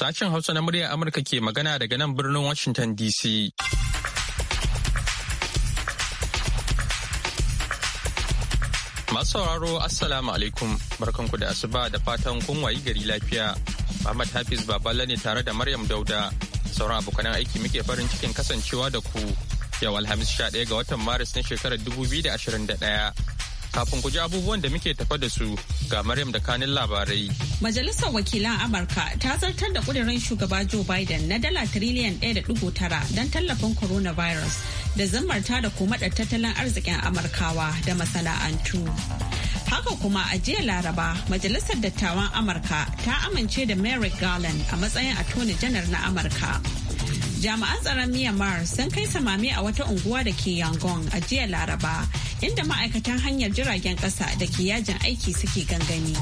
Sashen Hausa na muryar Amurka ke magana daga nan birnin Washington DC. Masu sauraro Assalamu alaikum barkanku da asuba da fatan kun wayi gari lafiya. Muhammad Hafiz Baballa ne tare da Maryam Dauda sauran abokanan aiki muke farin cikin kasancewa da ku. Yau Alhamis 11 ga watan Maris na shekarar 2021 Kafin ku ji abubuwan da muke tafa da su ga Maryam da kanin labarai. Majalisar wakilan Amurka ta zartar da kudirin shugaba Joe Biden na dala tiriliyan 1.9 don tallafin coronavirus da zammarta da kuma da tattalin arzikin Amurkawa da masana'antu. Haka kuma a jiya Laraba, Majalisar Dattawan Amurka ta amince da Merrick Garland a matsayin Attorney Janar na Amurka. Jami'an tsaron Myanmar sun kai samami a wata unguwa da ke Yangon a jiya Laraba, inda ma'aikatan hanyar jiragen kasa da ke yajin aiki suke gangani.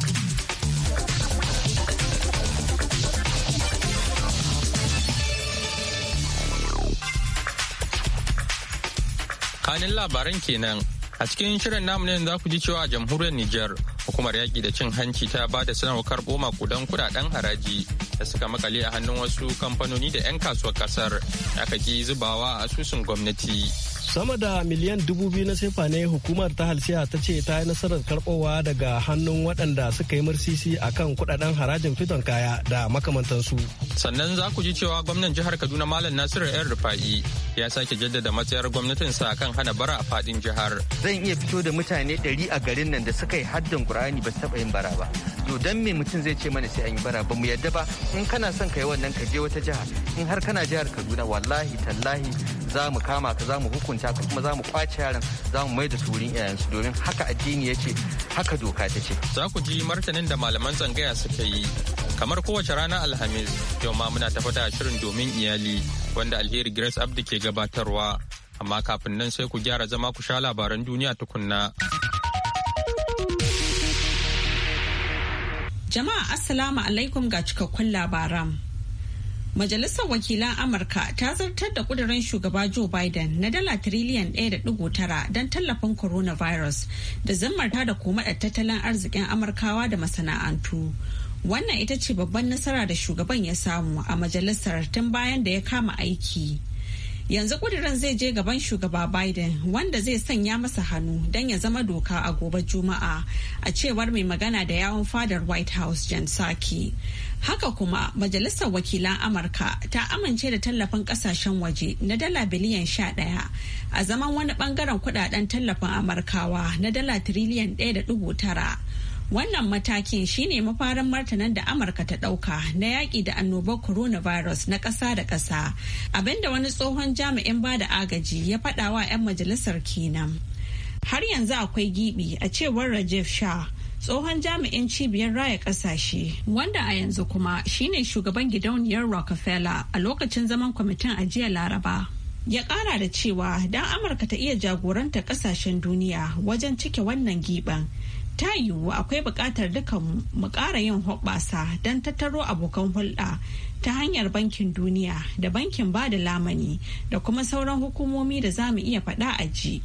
Kanin labaran kenan A cikin shirin namu ne za ku ji cewa jamhuriyar Nijar hukumar yaƙi da cin hanci ta ba da sanarwar karɓo makudan kudaden haraji da suka makale a hannun wasu kamfanoni da 'yan kasuwar ƙasar, da aka ki zubawa a asusun gwamnati. sama da miliyan dubu biyu na sefa ne hukumar ta halsiya ta ce ta yi nasarar karbowa daga hannun waɗanda suka yi mursisi a kan kudaden harajin fiton kaya da makamantansu sannan za ku ji cewa gwamnan jihar kaduna malam nasiru yan rufa'i ya sake jaddada matsayar gwamnatinsa kan hana bara a fadin jihar zan iya fito da mutane ɗari a garin nan da suka yi haddin kur'ani ba su taɓa yin bara ba to dan me mutum zai ce mana sai an yi bara ba mu yadda ba in kana son ka yi wannan ka je wata jiha in har kana jihar kaduna wallahi tallahi za mu kama ka za mu hukunta ka kuma za mu kwace yaran za mu maida su wurin iyayensu domin haka addini ya ce haka doka ta ce. Za ku ji martanin da malaman tsangaya suka yi kamar kowace rana alhamis yau ma muna tafa da shirin domin iyali wanda alheri grace abdi ke gabatarwa amma kafin nan sai ku gyara zama ku sha labaran duniya tukunna. Jama'a Assalamu alaikum ga cikakkun labaran. Majalisar Wakilan Amurka ta zartar da kudirin shugaba Joe Biden na dala tiriliyan 1.9 don tallafin coronavirus da zammarta da kuma tattalin arzikin Amurkawa da masana'antu. Wannan ita ce babban nasara da shugaban ya samu a majalisar tun bayan da ya kama aiki. yanzu kudirin zai je gaban shugaba biden wanda zai sanya masa hannu don ya zama doka a gobe juma'a a cewar mai magana da yawon fadar white house jan saki haka kuma majalisar wakilan amurka ta amince da tallafin kasashen waje na dala biliyan sha ɗaya a zaman wani bangaren kudaden tallafin amurkawa na dala tiriliyan ɗaya da tara Wannan matakin shine mafarin martanan da Amurka ta ɗauka na yaƙi da annobar coronavirus na ƙasa da ƙasa, abinda wani tsohon jami'in bada agaji ya faɗa wa 'yan majalisar kenan. Har yanzu akwai gibi a cewar Rajiv sha tsohon jami'in cibiyar raya ƙasashe, wanda a yanzu kuma shine shugaban gidauniyar Rockefeller a lokacin zaman kwamitin ajiya Laraba. ya ƙara da cewa don amurka ta iya jagoranta ƙasashen duniya wajen cike wannan giban ta yiwu akwai buƙatar dukan mu ƙara yin hoɓɓasa don tattaro abokan hulɗa ta hanyar bankin duniya da bankin ba da lamani da kuma sauran hukumomi da za mu iya faɗa a ji.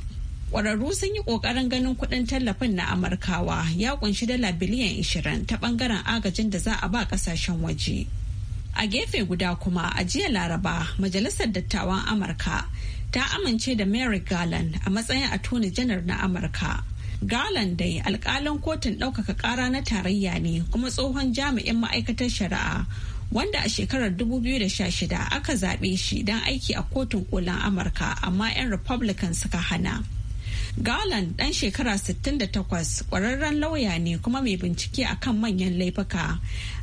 Ƙwararru sun yi ƙoƙarin ganin kuɗin tallafin na Amurkawa ya ƙunshi dala biliyan 20 ta ɓangaren agajin da za a ba ƙasashen waje. A gefe guda kuma a jiya Laraba, Majalisar Dattawan Amurka ta amince da Mary Garland a matsayin Attorney Janar na Amurka. galan dai alkalin kotun ɗaukaka ƙara na tarayya ne kuma tsohon jami'in ma'aikatar shari'a wanda a shekarar 2016 aka zaɓe shi don aiki a kotun kolin Amurka amma 'yan Republican suka hana. galan ɗan shekara 68 ƙwararren lauya ne kuma mai bincike a kan manyan laifuka.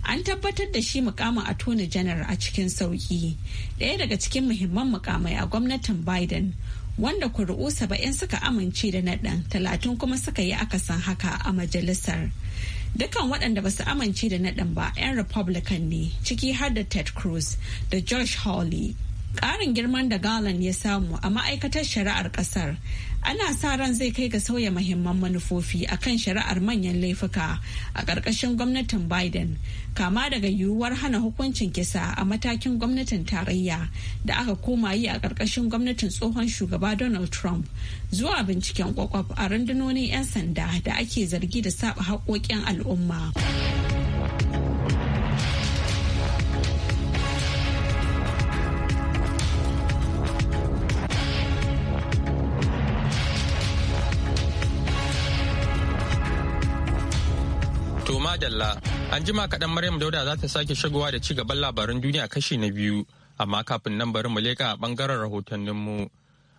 An tabbatar da shi mukamin attorney janar a cikin sauki ɗaya daga cikin muhimman mukamai a gwamnatin Biden. wanda kuri'u saba'in suka amince da naɗin talatin kuma suka yi akasin haka a majalisar dukan waɗanda ba su amince da naɗin ba 'yan republican ne ciki har da ted cruz da george hawley ƙarin girman da garland ya samu a ma'aikatar shari'ar ƙasar ana sa ran zai kai ga sauya mahimman manufofi a kan shari'ar manyan laifuka a ƙarƙashin gwamnatin biden kama daga yiwuwar hana hukuncin kisa a matakin gwamnatin tarayya da aka koma yi a ƙarƙashin gwamnatin tsohon shugaba donald trump zuwa binciken kwakwaf a rundunonin 'yan sanda da ake zargi da saba haƙoƙin al'umma. dalla an jima kaɗan maryam dauda za ta sake shigowa da ci gaban labaran duniya kashi na biyu amma kafin nan bari mu leƙa a ɓangaren rahotanninmu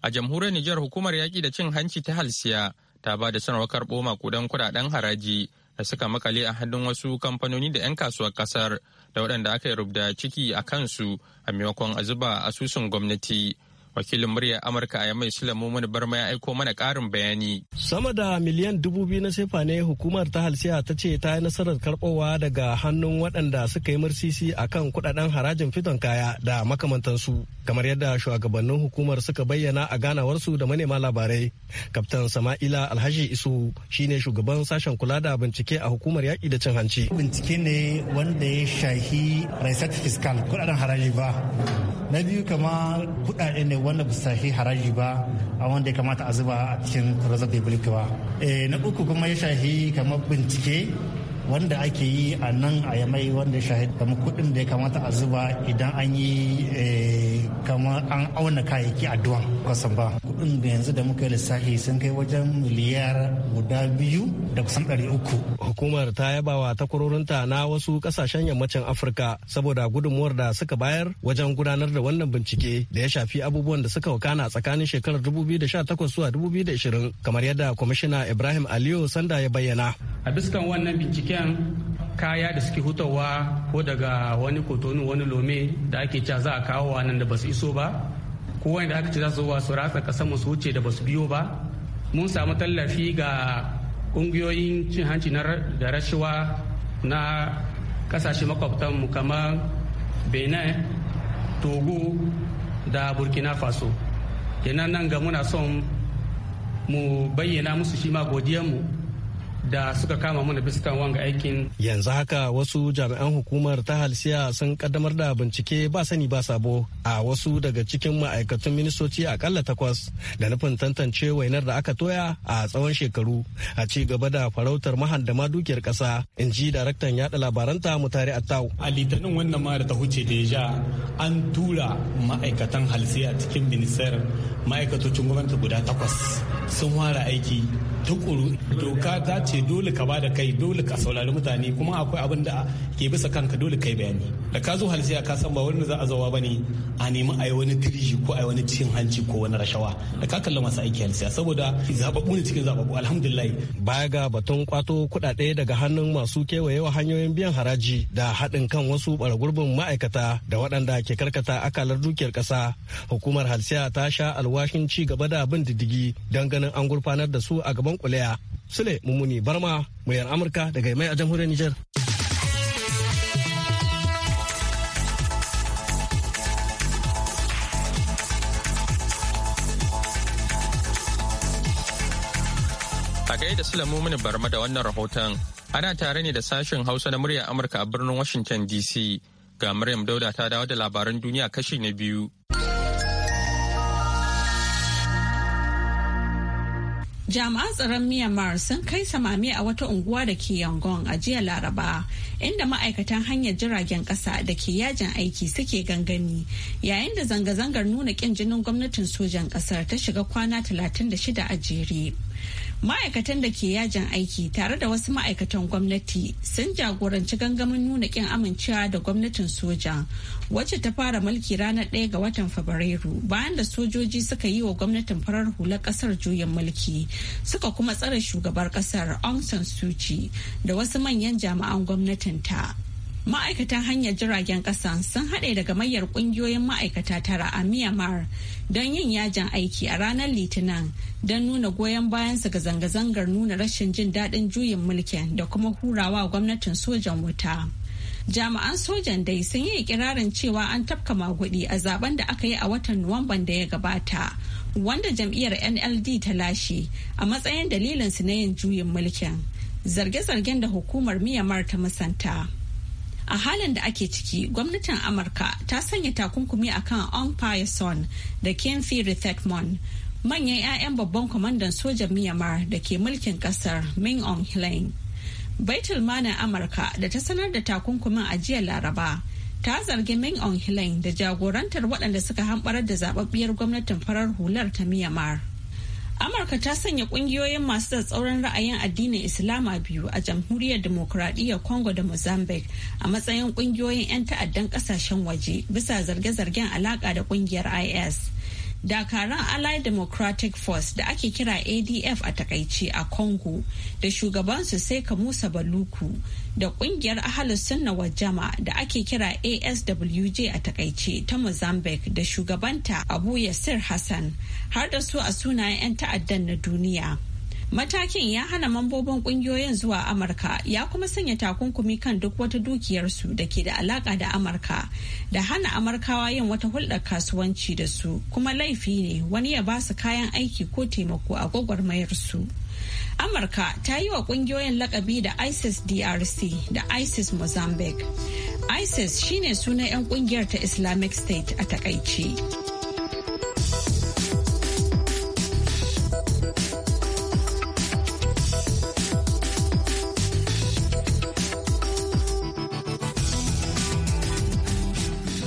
a jamhuriyar nijar hukumar yaƙi da cin hanci ta halsiya ta ba da sanarwar karɓo makudan kuɗaɗen haraji da suka makale a hannun wasu kamfanoni da 'yan kasuwar kasar da waɗanda aka yi rubda ciki a kansu a maimakon a zuba asusun gwamnati wakilin murya amurka a yamai sulamu mani barma ya aiko mana karin bayani sama da miliyan dubu biyu na sefa ne hukumar ta halsiya ta ce ta yi nasarar karbowa daga hannun waɗanda suka yi mursisi a kan kudaden harajin fiton kaya da makamantansu kamar yadda shugabannin hukumar suka bayyana a ganawarsu da manema labarai kaftan sama'ila alhaji isu shine shugaban sashen kula da bincike a hukumar yaƙi da cin hanci bincike ne wanda ya shahi reset fiskal kudaden haraji ba na biyu kama kudaden ne wanda ba shafi haraji ba a wanda ya kamata a zuba a cikin reserve public ba eh, na uku kuma ya shahi kamar bincike wanda ake yi a nan a yamai wanda ya shahi kamar kuɗin da ya kamata a zuba idan an yi eh, kamar an auna kayayyaki a duwan kwasan ba kuɗin da yanzu da muka yi lissafi sun kai wajen miliyar guda biyu da kusan ɗari uku hukumar ta yaba wa takwarorinta na wasu ƙasashen yammacin afirka saboda gudunmuwar da suka bayar wajen gudanar da wannan bincike da ya shafi abubuwan da suka wakana tsakanin shekarar 2018 zuwa 2020 kamar yadda kwamishina ibrahim aliyu sanda ya bayyana a biskan wannan binciken kaya da suke hutawa ko daga wani kotonu wani lome da ake cewa za a kawo nan da basu iso ba ko wanda aka ce za su su ratsa kasan mu su wuce da basu biyo ba mun samu tallafi ga kungiyoyin cin hanci da rashawa na kasashe makwabtan mu kamar benin togo da burkina faso kenan nan ga muna son mu bayyana musu shi ma mu da suka kama mana bisa kan wanga aikin. Yanzu haka wasu jami'an hukumar ta halsiya sun kaddamar da bincike ba sani ba sabo a wasu daga cikin ma'aikatun ministoci akalla takwas da nufin tantance wainar da aka toya a tsawon shekaru a ci gaba da farautar mahandama dukiyar kasa in ji daraktan yada labaranta mutare attau. A litinin wannan ma da ta huce deja an tura ma'aikatan halsiya cikin minister ma'aikatocin gwamnati guda takwas sun fara aiki tukuru doka ta ce dole ka bada kai dole ka saurari mutane kuma akwai abin da ke bisa kanka dole kai bayani da ka zo halsiya ka san ba wani za a zawa bane a nemi a yi wani tirji ko a yi wani cin hanci ko wani rashawa da ka kalla masu aiki halsiya saboda zababbu ne cikin zababbu alhamdulillah baya ga batun kwato kuɗaɗe daga hannun masu kewayewa hanyoyin biyan haraji da haɗin kan wasu ɓaragurbin ma'aikata da waɗanda ke karkata akalar dukiyar ƙasa hukumar halsiya ta sha alwashin ci gaba da bin diddigi don ganin an gurfanar da su a gaban kuliya Sule Mumuni Barma, muryar Amurka daga mai a jamhuriyar Nijar. A gaida Sule Mumuni Barma da wannan rahoton, ana tare ne da sashen Hausa na muryar Amurka a birnin Washington DC. Ga Maryam Dauda ta dawo da labaran duniya kashi na biyu. jami'an tsaron myanmar sun kai samami a wata unguwa da ke yangon a jiya laraba inda ma'aikatan hanyar jiragen kasa da ke yajin aiki suke gangami yayin da zanga-zangar nuna kin jinin gwamnatin sojan kasar ta shiga kwana 36 a jere ma'aikatan da ke yajin aiki tare da wasu ma'aikatan gwamnati sun jagoranci gangamin nuna kin amincewa da gwamnatin soja wacce ta fara mulki ranar 1 ga watan fabrairu bayan da sojoji suka yi wa gwamnatin farar hula kasar juyin mulki suka kuma tsare shugabar kasar aung san suu da wasu manyan jami'an gwamnatin ta ma'aikatan hanyar jiragen kasa sun haɗe daga mayar ƙungiyoyin ma'aikata tara a myanmar don yin yajin aiki a ranar litinin don nuna goyon su ga zanga-zangar nuna rashin jin daɗin juyin mulkin da kuma hurawa gwamnatin sojan wuta jami'an sojan dai sun yi ikirarin cewa an tafka magudi a zaben da aka yi a watan nuwamban da ya gabata wanda jam'iyyar nld ta lashe a matsayin dalilinsu na yin juyin mulkin zarge-zargen da hukumar miyamar ta musanta. a halin da ake ciki gwamnatin amurka ta sanya takunkumi akan on Son da kemfi rithekmon manyan 'ya'yan babban kwamandan sojan myanmar da ke mulkin kasar min on hlaing baitul manan amurka da ta sanar da takunkumin a jiya laraba ta zargi min on hlaing da jagorantar waɗanda suka hamɓarar da zababbiyar gwamnatin farar hular ta myanmar Amurka ta sanya kungiyoyin masu tsatsauran ra'ayin addinin Islama biyu a jamhuriyar demokuraɗiyyar Congo da Mozambique a matsayin kungiyoyin 'yan ta'addan ƙasashen waje bisa zarge-zargen alaƙa da kungiyar IS. dakaran allied democratic force da ake kira adf a takaice a congo da shugabansu sai musa baluku da kungiyar ahalus sunna wa jama da ake kira aswj a takaice ta mozambique da shugabanta abu yasir hassan har da su a sunayen 'yan ta'addan na duniya Matakin ya hana mambobin kungiyoyin zuwa Amurka ya kuma sanya takunkumi kan duk wata dukiyarsu da ke da alaka da Amurka da hana Amurkawa yin wata hulɗar kasuwanci da su kuma laifi ne wani ya ba su kayan aiki ko taimako a gwagwarmayarsu. Amurka ta yi wa kungiyoyin lakabi da ISIS DRC da ISIS Mozambique. ISIS shine sunan 'yan kungiyar ta Islamic State a takaice.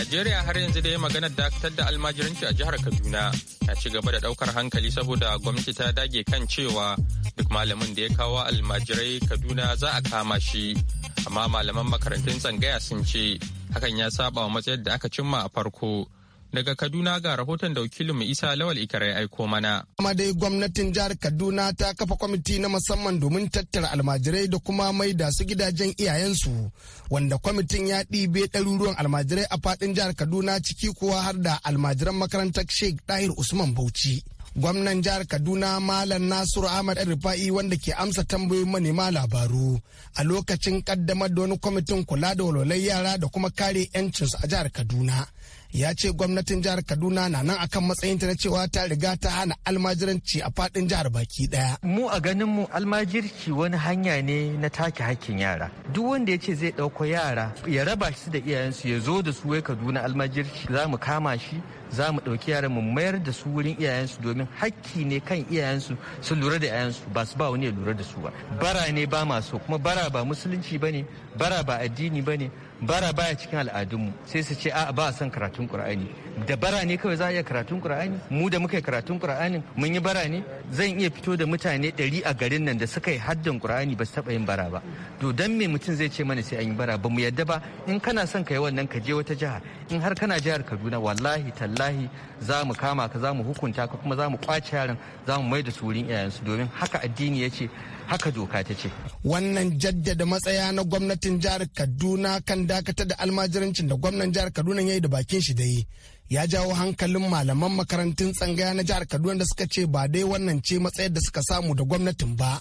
Najeriya har yanzu dai maganar dakatar da almajiranci a jihar Kaduna na ci gaba da daukar hankali saboda gwamnati ta dage kan cewa duk malamin da ya kawo almajirai Kaduna za a kama shi. Amma malaman makarantun tsangaya sun ce hakan ya saba wa matsayar da aka cimma a farko Daga Kaduna ga rahoton da wakilinmu Isa Lawal Ikara ya aiko mana. Kuma dai gwamnatin jihar Kaduna ta kafa kwamiti na musamman domin tattara almajirai da kuma mai da su gidajen iyayensu wanda kwamitin ya ɗibe ɗaruruwan almajirai a faɗin jihar Kaduna ciki kuwa har da almajiran makarantar Sheikh Dahir Usman Bauchi. gwamnan jihar kaduna malam nasiru ahmad rufa'i wanda ke amsa tambayoyin manema labaru a lokacin kaddamar da wani kwamitin kula da walwalai yara da kuma kare 'yancinsu a jihar kaduna ya ce gwamnatin jihar kaduna na nan akan matsayinta na cewa ta riga ta hana almajiranci a fadin jihar baki daya mu a ganin mu almajirci wani hanya ne na take hakkin yara duk wanda ya ce zai ɗauko yara ya raba shi da iyayensu ya zo da su wai kaduna almajirci za mu kama shi za mu ɗauki yaran mu mayar da su wurin iyayensu domin hakki ne kan iyayensu su lura da iyayensu ba su ba wani ya lura da su ba bara ne ba masu kuma bara ba musulunci ba ne bara ba addini ba ne bara baya cikin al'adunmu sai su ce a ba a son karatun qur'ani da bara ne kawai za a iya karatun qur'ani mu da muka yi karatun qur'ani mun yi bara ne zan iya fito da mutane ɗari a garin nan da suka yi haddin qur'ani ba su taɓa yin bara ba to dan me mutum zai ce mana sai an yi bara ba mu yadda ba in kana son ka yi wannan ka je wata jiha in har kana jihar Kaduna wallahi tallahi za mu kama ka za mu hukunta ka kuma za mu kwace yaran za mu mai da su wurin iyayensu domin haka addini ya ce haka doka ta ce wannan jaddada matsaya na gwamnatin jihar kaduna kan dakatar da almajirancin da gwamnan jihar kaduna ya yi da bakin shi da yi ya jawo hankalin malaman makarantun tsangaya na jihar kaduna da suka ce ba dai wannan ce matsayar da suka samu da gwamnatin ba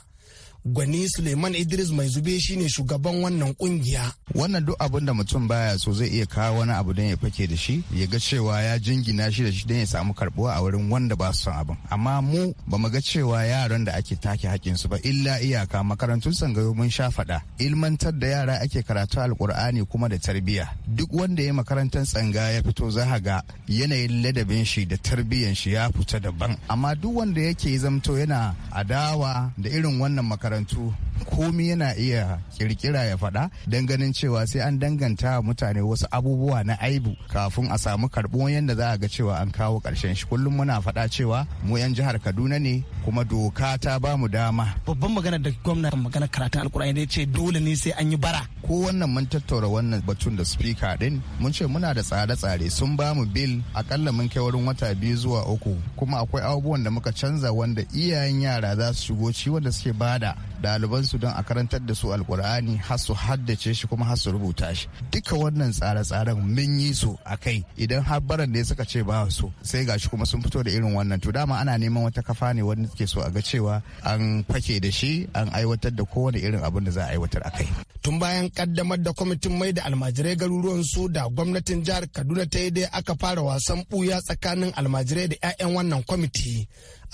gwani suleiman idris mai zube shine shugaban wannan kungiya wannan duk abin da mutum baya so zai iya kawo wani abu don ya fake da shi ya ga cewa ya jingina shi da shi don ya samu karbuwa a wurin wanda ba su son abin amma mu ba mu ga cewa yaran da ake take hakkin su ba illa iyaka makarantun sangayo mun sha faɗa ilmantar da yara ake karatu alkur'ani kuma da tarbiyya duk wanda ya makarantar tsanga ya fito za ga yanayin ladabin shi da tarbiyyan shi ya fita daban amma duk wanda yake zamto yana adawa da irin wannan makarantar makarantu komi yana iya kirkira ya faɗa don ganin cewa sai an danganta mutane wasu abubuwa na aibu kafin a samu karɓo yadda za a ga cewa an kawo ƙarshen shi kullum muna faɗa cewa mu 'yan jihar kaduna ne kuma doka ta ba mu dama babban magana da gwamna magana karatun alkur'ani ne ce dole ne sai an yi bara ko wannan mun tattaura wannan batun da speaker din mun ce muna da tsare-tsare sun ba mu bill akalla mun kai wurin wata biyu zuwa uku kuma akwai abubuwan da muka canza wanda iyayen yara za su shigo ci wanda suke bada ɗaliban su don a karantar da su alkur'ani har su haddace shi kuma har su rubuta shi duka wannan tsare-tsaren mun yi su a kai idan har baran da suka ce ba su sai gashi kuma sun fito da irin wannan to dama ana neman wata kafa ne wanda ke so a ga cewa an fake da shi an aiwatar da kowane irin abin da za a aiwatar a kai tun bayan kaddamar da kwamitin mai da almajirai garuruwan su da gwamnatin jihar kaduna ta yi dai aka fara wasan buya tsakanin almajirai da 'ya'yan wannan kwamiti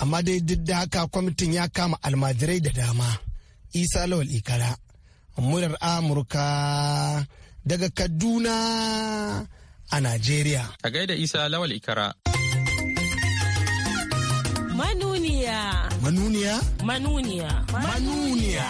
amma dai duk da haka kwamitin ya kama almajirai da dama isa lawal ikara murar amurka daga kaduna a najeriya a gaida isa lawal ikara manuniya manuniya manuniya manuniya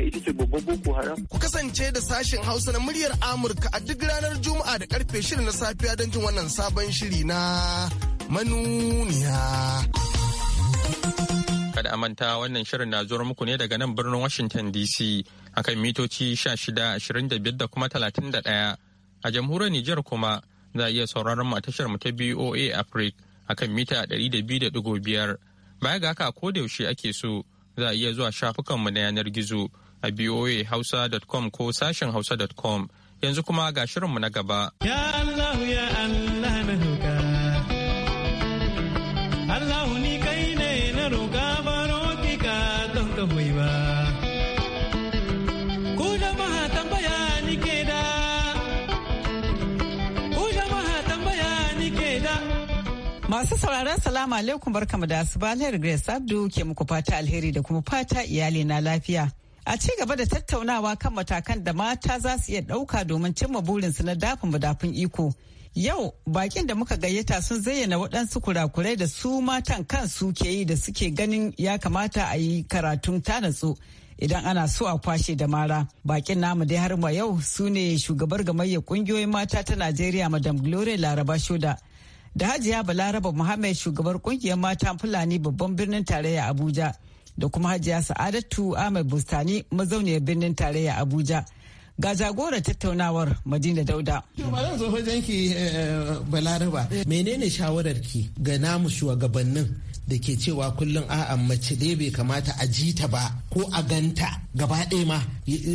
ita ce babban boko haram. Ku kasance da sashen Hausa na muryar Amurka a duk ranar Juma'a da karfe shirin na safiya don jin wannan sabon shiri na manuniya. Kada a manta wannan shirin na zuwa muku ne daga nan birnin Washington DC akan mitoci 16, da kuma 31. A jamhuriyar Nijar kuma za a iya sauraron mu a tashar mu ta BOA Africa akan mita 200.5. Baya ga haka ko da yaushe ake so za a iya zuwa shafukanmu na yanar gizo a voahausa.com ko sashen hausa.com yanzu kuma ga shirinmu na gaba. Ya Allah ya Allah na na roƙa Masu sauraron salamu alaikum barkamu da asuba alheri Grace Abdu ke muku fata alheri da kuma fata iyali na lafiya. A ci gaba da tattaunawa kan matakan da mata za su iya ɗauka domin cimma burinsu na dafin madafin iko. Yau bakin da muka gayyata sun zayyana waɗansu kurakurai da su matan kansu ke yi da suke ganin ya kamata a yi karatun tanatsu idan ana so a kwashe da mara. Bakin namu dai har ma yau su ne shugabar gamayyar ƙungiyoyin mata ta Najeriya Madam Gloria Laraba Shoda. Da Hajiya Balaraba Muhammad shugabar ƙungiyar matan Fulani babban birnin tarayya Abuja. da kuma hajiya sa'adatu ahmed bustani mazauniyar birnin tarayya abuja ga jagora tattaunawar madina dauda malam eh, menene shawarar ki ga namu shugabannin da ke cewa kullum a'a mace dai bai kamata a ji ta ba ko a ganta gaba ɗaya ma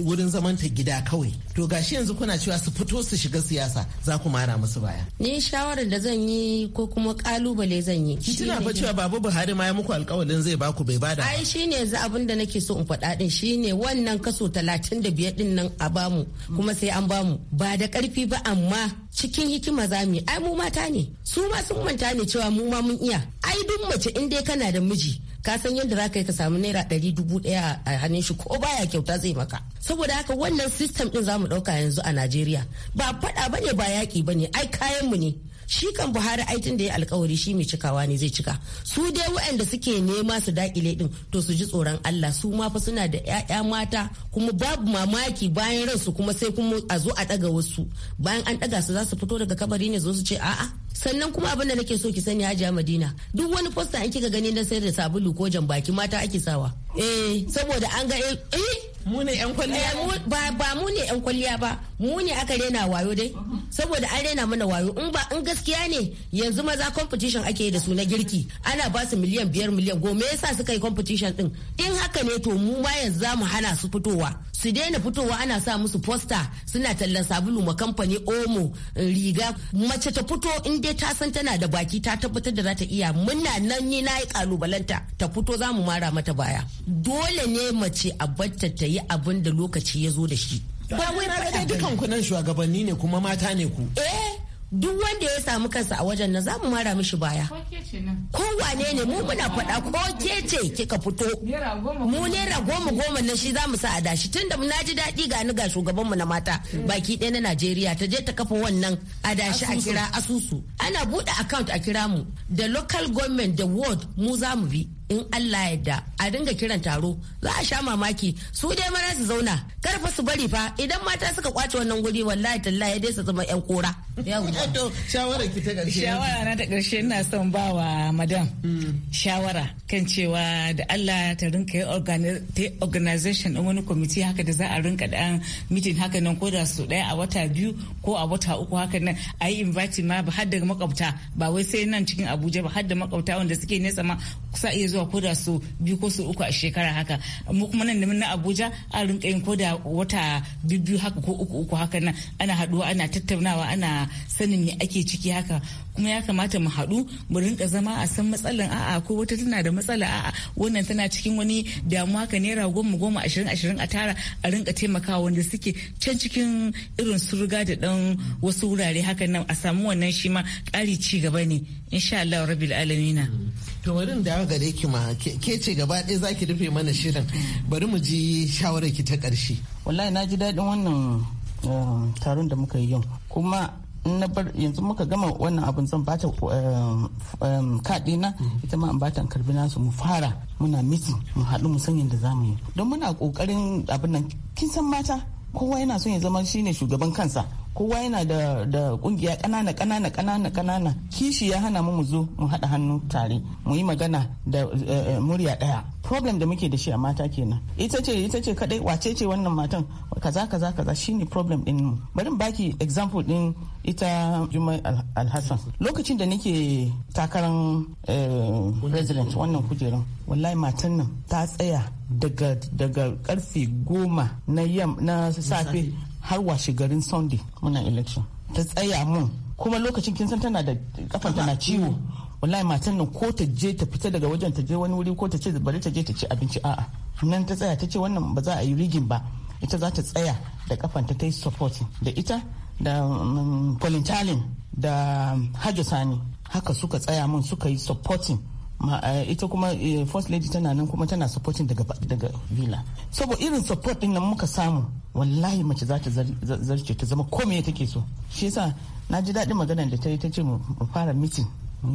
wurin zamanta gida kawai to gashi yanzu kuna cewa su fito su shiga siyasa za ku mara musu baya ni shawarar da zan yi ko kuma kalubale zan yi tuna fa cewa babu buhari ma ya muku alƙawarin zai baku bai bada ai shine yanzu abin da nake so in faɗa din shine wannan kaso 35 din nan a bamu kuma sai an bamu ba da karfi ba amma cikin hikima za mu yi ai mu mata ne su ma sun manta ne cewa mu ma mun iya ai duk mace in dai kana da miji ka san yadda za ka yi ka samu naira ɗari dubu ɗaya a hannun shi ko baya kyauta zai maka saboda haka wannan system ɗin za mu ɗauka yanzu a najeriya ba faɗa ba ne ba yaƙi ba ne ai kayan mu ne shi kan buhari aitin da ya alkawari shi mai cikawa ne zai cika su dai waɗanda suke nema su dakile din to su ji tsoron allah su ma fa suna da 'ya'ya mata kuma babu mamaki bayan ransu kuma sai kuma a zo a ɗaga wasu bayan an ɗaga su za su fito daga kabari ne zo su ce a'a sannan kuma abin da nake so ki sani hajiya madina duk wani fosta in kika gani na sayar da sabulu ko jan baki mata ake sawa eh saboda an ga eh, eh. mu ne yan kwalliya eh, ba mu ne yan kwalliya ba mu ne aka rena wayo dai mhm. saboda an raina mana wayo in ba in gaskiya ne yanzu maza competition ake yi da su na girki ana ba su miliyan biyar miliyan goma ya sa suka yi competition din in haka ne to mu ma yanzu za mu hana su fitowa su daina fitowa ana sa musu poster suna tallan sabulu ma kamfani omo eh, riga mace ta fito in dai ta san tana da baki ta tabbatar da za ta iya muna nan ni na yi kalubalanta ta fito za mu mara mata baya dole ne mace a batta ta yi abin da lokaci ya zo da shi ba wai nan shugabanni ne kuma mata ne ku eh, duk wanda ya samu kansa a wajen na zamu mara mishi baya ko wane ne mu muna faɗa ko ke ce kika fito mu naira goma goma na shi zamu sa a dashi tunda muna ji daɗi ga ni ga shugabanmu na mata mm. baki ɗaya na Najeriya ta je ta kafa wannan a dashi a kira asusu ana buɗe account a kira mu da local government da ward mu zamu bi in Allah yadda a dinga kiran taro za a sha mamaki su dai mara su zauna karfa su bari fa idan mata suka kwace wannan guri wallahi tallahi dai su zama yan kora to shawara ki ta karshe shawara na ta karshe ina son ba wa madam mm. shawara kan cewa da Allah ta rinka yi organization din wani committee haka da za a rinka dan meeting haka nan ko da su daya a wata biyu ko a wata uku haka nan a yi invite ma ba har daga makwabta ba wai sai nan cikin Abuja ba har da makwabta wanda suke nesa ma kusa iya zuwa koda su biyu ko su uku a shekara haka mu kuma nan da na abuja a rinka yin koda wata biyu haka ko uku uku haka nan ana haduwa ana tattaunawa ana sanin me ake ciki haka kuma ya kamata mu haɗu mu rinka zama a san matsalan a'a ko wata tana da matsala a'a wannan tana cikin wani damuwa ka naira goma goma ashirin ashirin a tara a rinka taimakawa wanda suke can cikin irin surga da ɗan wasu wurare hakan nan a samu wannan shi ma ƙari ci gaba ne insha Allah rabbil alamina to bari mu dawo gare ki ma ke ce gaba ɗaya zaki rufe mana shirin bari mu ji shawarar ki ta ƙarshe wallahi na ji daɗin wannan eh, taron da muka yi yau kuma na bar yanzu muka gama wannan abin zan bata kaɗi eh, eh, na ita ma an bata karbi nasu mu fara muna miti mu haɗu mu san yadda za mu yi don muna ƙoƙarin abin nan kin san mata kowa yana son ya zama shine shugaban kansa kowa yana da da kungiya kanana kanana kanana kanana kishi ya hana mu mu zo mu haɗa hannu tare mu yi magana da eh, eh, murya ɗaya problem da muke da shi a mata kenan ita ce ita ce kadai wace ce wannan matan kaza kaza kaza shine problem din mu bari baki example din ita Jumai Alhassan lokacin da nake takaran eh, president wannan kujeran wallahi matan nan ta tsaya daga daga karfe goma na yam na safe har washe garin sunday muna election ta tsaya mun kuma lokacin kin san tana da kafan tana ciwo wallahi matan nan ko ta je ta fita daga wajen ta je wani wuri ko ta ce bari ta je ta ci abinci a'a nan ta tsaya ta ce wannan ba za a yi rigin ba ita za ta tsaya da kafanta ta yi support da ita da um, da hajjo sani haka suka tsaya mun suka yi supporting Eh, ita kuma eh, first lady tana nan kuma tana supporting daga daga villa saboda irin support din nan muka samu wallahi mace za ta zarce ta zama komai take so shi yasa na ji daɗin maganar da ta yi ta ce mu fara meeting mu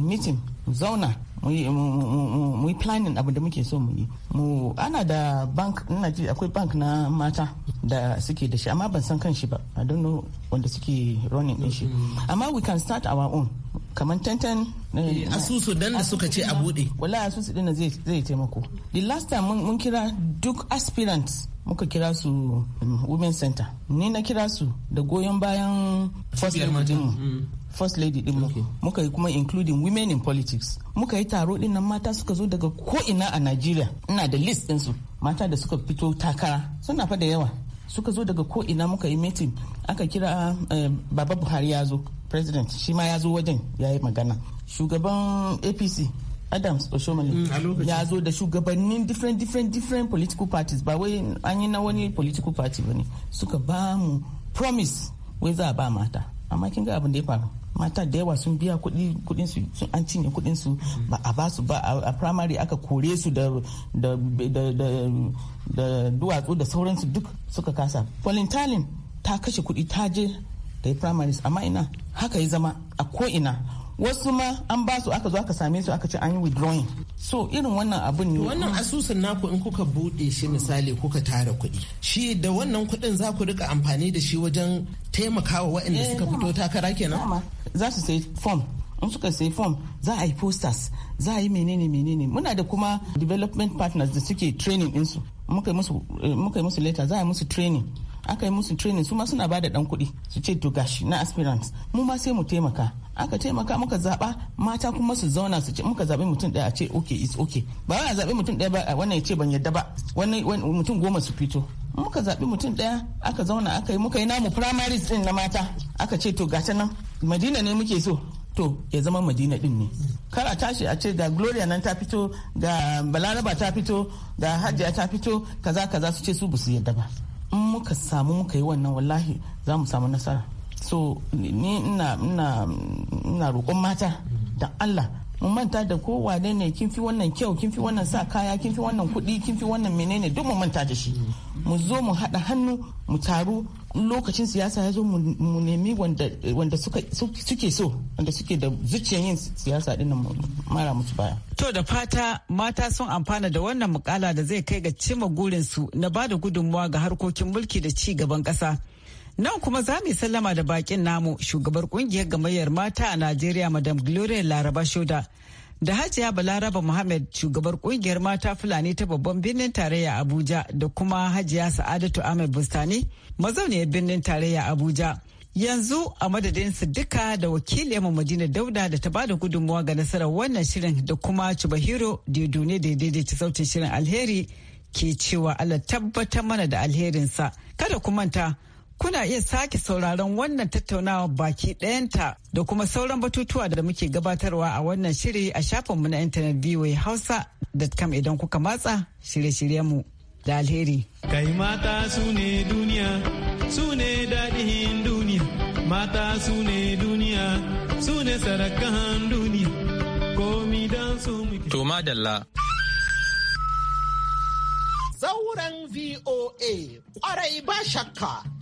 mu zauna mu yi planning abu da muke so mu yi mu ana da bank ina ji akwai bank na mata da suke da shi amma ban san kan shi ba i don't know wanda suke running din shi amma we can start our own kamar tantan eh, eh, asusu dan da suka ce a bude wala asusu din zai taimako the last time mun kira duk aspirants muka kira su um, women center ni na kira su da goyon bayan first mu mm. first lady din mu muka yi kuma including women in politics muka yi taro din nan mata suka zo daga ko ina a Najeriya ina da list din su mata da suka fito takara suna fa da yawa suka zo daga ko ina muka yi meeting aka kira eh, baba Buhari ya zo president shi ma ya zo wajen ya yi magana shugaban APC Adams Oshomole mm, ya zo da shugabannin different different different political parties ba wai an yi na wani political party bane suka ba mu promise wai za a ba mata amma kin ga abin da ya faru mata da yawa sun biya kudin su an cinye kuɗin su ba a ba su ba a primary aka kore su da duwatsu da sauransu duk suka kasa volunteering ta kashe kudi ta je da primaries amma ina haka ya zama a ko ina wasu ma an ba su aka zo aka same su aka ce an yi withdrawing so irin wannan abun ne wannan asusun naku in kuka bude shi misali kuka tara kuɗi shi da wannan kuɗin za ku rika amfani da shi wajen taimakawa waɗanda suka fito eh, takara kenan za su sai form in suka sai form za a yi posters za a yi menene menene muna da kuma development partners da suke training ɗinsu muka yi musu eh, leta za a yi musu training aka yi musu training su ma suna bada dan kuɗi su ce to gashi na aspirants mu ma sai mu taimaka aka taimaka muka zaba mata kuma su zauna su ce muka zabi mutum daya a ce okay its okay ba wai a zabi mutum daya ba wannan ya ce ban yadda ba wani mutum goma su fito muka zabi mutum daya aka zauna aka yi muka yi namu primary din na mata aka ce to gata nan madina ne muke so to ya zama madina din ne kar a tashi a ce ga gloria nan ta fito ga balaraba ta fito ga hajiya ta fito kaza kaza su ce su basu yadda ba in muka samu muka yi wannan wallahi za mu samu nasara so ni ina roƙon mata da Allah mu manta da ko wane ne kin fi wannan kyau kin fi wannan sa kaya kin fi wannan kuɗi kin fi wannan menene duk mu manta da shi mu zo mu haɗa hannu mu taru lokacin siyasa ya zo mu nemi wanda suke so wanda suke da zuciyar yin siyasa dinnan mara musu baya. To da fata mata sun amfana da wannan mukala da zai kai ga cima gurinsu na ba da gudunmuwa ga harkokin mulki da ci gaban ƙasa. Nan kuma za mu sallama da bakin namu shugabar kungiyar gamayyar mata a Najeriya Madam Gloria Laraba Shoda da hajiya balaraba muhammad shugabar kungiyar mata fulani ta babban birnin tarayya abuja da kuma hajiya sa'adatu ahmed bustani mazauniyar birnin tarayya abuja yanzu a madadin su duka da wakiliyar madina dauda da ta ba da gudunmawa ga nasarar wannan shirin da kuma chubahiro daidune da daidaita sautin shirin alheri ke cewa allah tabbatar mana da alherinsa kada ku manta Kuna iya sake sauraron wannan tattaunawa baki ɗayanta da kuma sauran batutuwa da muke gabatarwa a wannan shiri a shafinmu na intanet VOA Hausa.com idan kuka matsa shirye-shiryenmu da alheri. Kai mata su ne duniya, su ne daɗin duniya, mata su ne duniya, su ne sarakan duniya, komi don su muke. To madalla. Zauren VOA, ƙwarai ba shakka.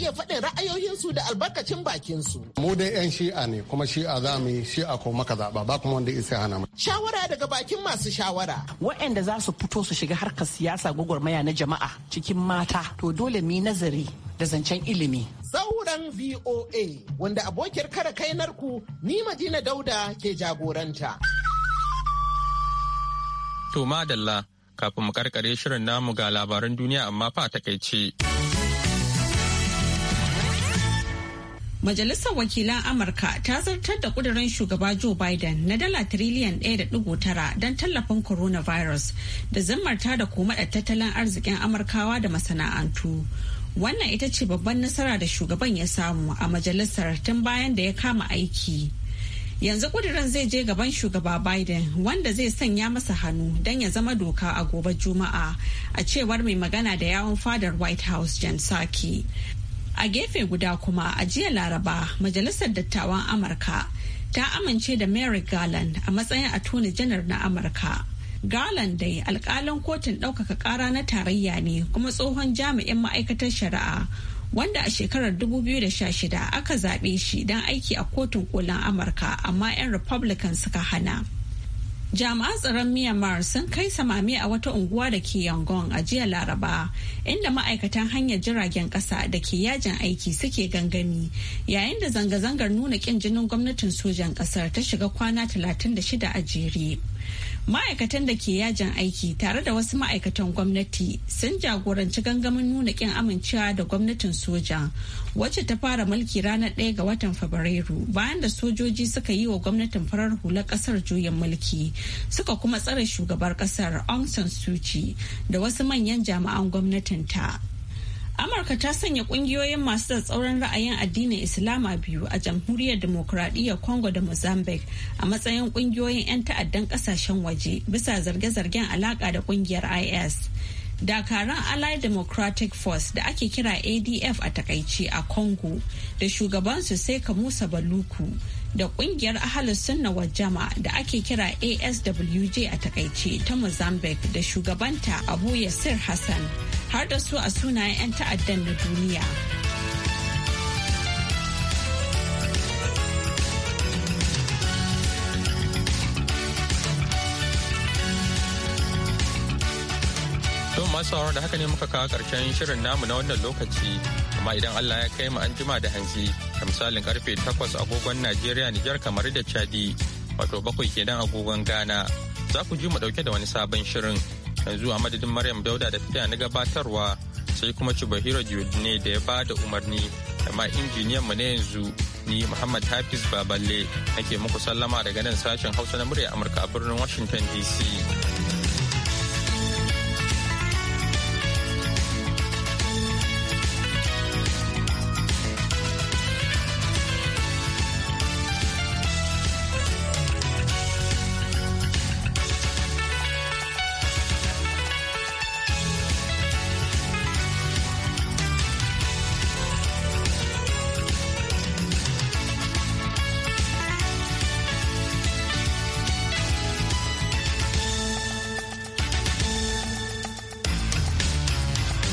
iya faɗin ra'ayoyinsu da albarkacin bakinsu. Mu dai 'yan shi'a ne kuma shi'a za mu yi shi'a ko maka zaɓa ba kuma wanda isa hana mu. Shawara daga bakin masu shawara. Waɗanda za su fito su shiga harkar siyasa gwagwarmaya na jama'a cikin mata to dole mu yi nazari da zancen ilimi. Sauran VOA wanda abokiyar kare kainarku ni Madina Dauda ke jagoranta. To madalla kafin mu karkare shirin namu ga labaran duniya amma fa takaice. Majalisar Wakilan Amurka ta zartar da kudirin shugaba Joe Biden na dala tiriliyan 1.9 don tallafin coronavirus da zammarta da komaɗa tattalin arzikin Amurkawa da masana'antu. Wannan ita ce babban nasara da shugaban ya samu a majalisar tun bayan da ya kama aiki. Yanzu kudirin zai je gaban shugaba Biden wanda zai sanya masa hannu don ya zama doka a gobe Juma'a a cewar mai magana da yawon fadar White House Jen Psaki. A gefe guda kuma a jiya Laraba Majalisar Dattawan Amurka ta amince da Merrick Garland a matsayin Attorney janar na Amurka. Garland dai alkalin kotun ɗaukaka ƙara na tarayya ne kuma tsohon jami'in ma'aikatar shari'a wanda a shekarar 2016 aka zaɓe shi don aiki a kotun kolin Amurka amma 'yan Republican suka hana. Jami'an tsaron Myanmar sun kai samami a wata unguwa da ke Yangon a jiya Laraba, inda ma'aikatan hanyar jiragen kasa da ke yajin aiki suke gangami, yayin da zanga-zangar nuna ƙin jinin gwamnatin sojan ƙasar ta shiga kwana 36 a jere. ma'aikatan da ke yajin aiki tare da wasu ma'aikatan gwamnati sun jagoranci gangamin nuna kin amincewa da gwamnatin soja wacce ta fara mulki ranar 1 ga watan fabrairu bayan da sojoji suka yi wa gwamnatin farar hula kasar juyin mulki suka kuma tsare shugabar kasar aung san suu da wasu manyan jami'an gwamnatin ta Amurka ta sanya kungiyoyin masu tsatsauran ra'ayin addinin Islama biyu a jamhuriyar demokuraɗiyyar Congo da Mozambique a matsayin kungiyoyin 'yan ta'addan ƙasashen waje bisa zarge-zargen alaƙa da kungiyar IS. Dakaran Allied Democratic Force da ake kira ADF a takaici a Congo da shugabansu sai ka Musa Baluku da kungiyar ahalus sunna wa jama da ake kira aswj a takaice ta mozambique da shugabanta abu yasir hassan har da su a sunayen 'yan ta'addan na duniya masu da haka ne muka kawo karshen shirin namu na wannan lokaci amma idan Allah ya kai mu an jima da hanzi da misalin karfe 8 agogon Najeriya Nijar kamar da Chadi wato bakwai kenan agogon Ghana za ku ji mu dauke da wani sabon shirin yanzu a madadin Maryam Dauda da ta na gabatarwa sai kuma Chibahiro ne da ya bada umarni amma injiniyan mu ne yanzu ni Muhammad Hafiz Baballe nake muku sallama daga nan sashen Hausa na murya Amurka a birnin Washington DC.